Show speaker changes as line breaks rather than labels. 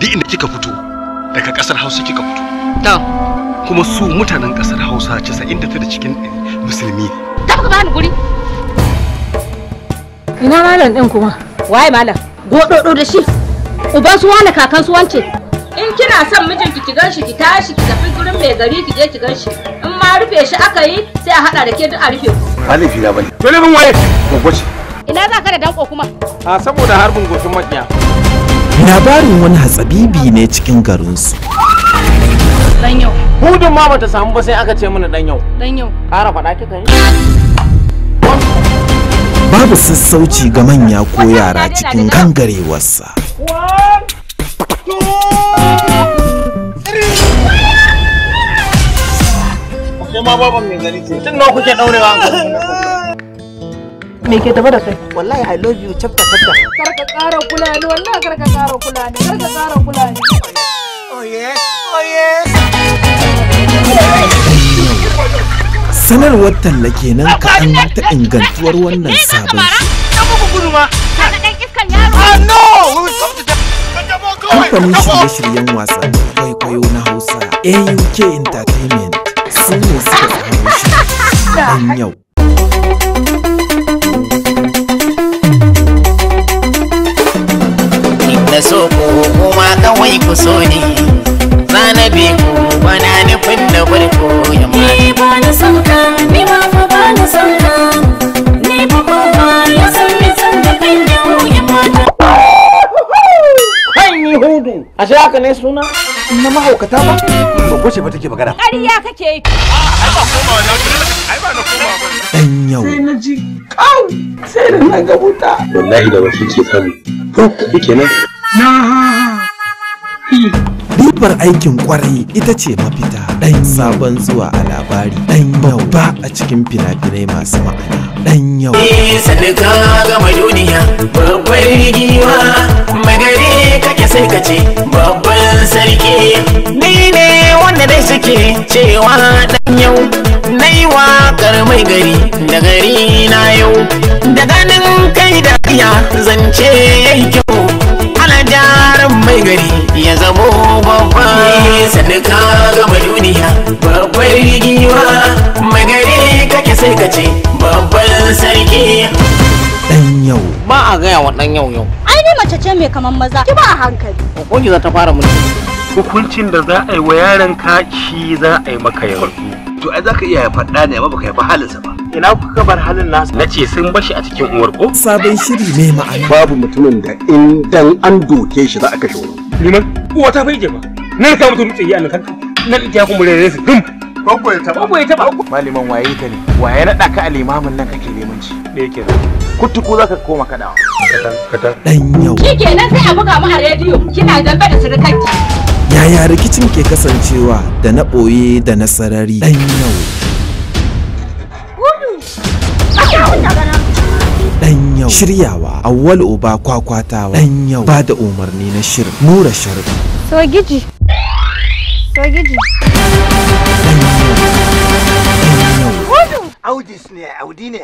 duk inda kika fito daga kasar hausa kika fito to kuma su mutanen kasar hausa 99 cikin musulmi ne ka bani guri ina malam din kuma waye malam gododo da shi uban su wani kakan su wance in kina son mijinki ki ganshi ki tashi ki tafi gurin mai gari ki je ki ganshi in ma rufe shi aka yi sai a hada da ke duk a rufe ku ba laifi na bane to mun waye gogoci ina za ka da danko kuma a saboda harbin goshin makiya labarin wani hatsabibi ne cikin garinsu dan yau hudun ma bata samu ba sai aka ce mana dan yau kara yau faɗa kika yi babu sassauci ga manya ko yara cikin gangarewarsa Ma babban mai gari ce, tun nawa kuke daurewa. me ke tafa da kai wallahi i love you chapta chapta kar ka ƙara wallahi kar ka kula ni kar oh yeah oh yeah sanarwar talla kenan an ta ingantuwar wannan sabon ah, kamfanin shirye-shiryen wasan kwaikwayo na hausa auk entertainment sun ne suka tsaro shi yau ni ku so ni zanabi ku bana nufin na barko ya ma ni ba na son ka ni ma fa ba na son ka ni ba ko ba ya san ni san da kan yau ya kai ni hudu a shi haka ne suna na mahaukata ba ba ko ce ba take magana ƙarya kake ai ba koma na ai ba na koma ba dan yau sai na ji kau sai da na gabuta wallahi da wasu ke sani ko kike nan na Ribar aikin kwarai ita ce mafita ɗan sabon zuwa a labari ɗan Ba a cikin fina-finai masu ma'ana ɗan yau. Eh, Sadaka gama duniya babbar giwa magare kake sai ka ce babban sarki ni ne wanda dai suke cewa ɗan yau na yi waƙar mai gari da gari na yau da ganin kai da iya zance yayi kyau. da ka gama duniya babbar rigiwa magare kake sai ka ce babban sarki dan yau ba a gaya wa dan yau yau ai ne mace ce mai kaman maza ki ba a hankali hukunci za ta fara mulki hukuncin da za a yi wa yaron ka shi za a yi maka yau to ai zaka iya faɗa ne amma baka yi ba halinsa ba ina kuka bar halin nasu na ce sun bashi a cikin uwar ko sabon shiri ne ma'ana babu mutumin da in dan an doke shi za a kashe wani liman uwa ta bai ba nan sa mutum tsaye a nan nan ya kuma rere su dum koko ya taba koko ya taba malimin waye ka ne waye na daka a limamin nan kake neman ci da yake da kuttuku za ka koma kaɗawa kata kata dan yau kike nan sai a buga mu a rediyo kina dambe da surukanki yaya rikicin ke kasancewa da na ɓoye da na sarari dan yau dan yau shiryawa awwal uba kwakwatawa dan yau ba da umarni na shirin nura sharbi so giji Sogiji. Audi ne, Audi ne.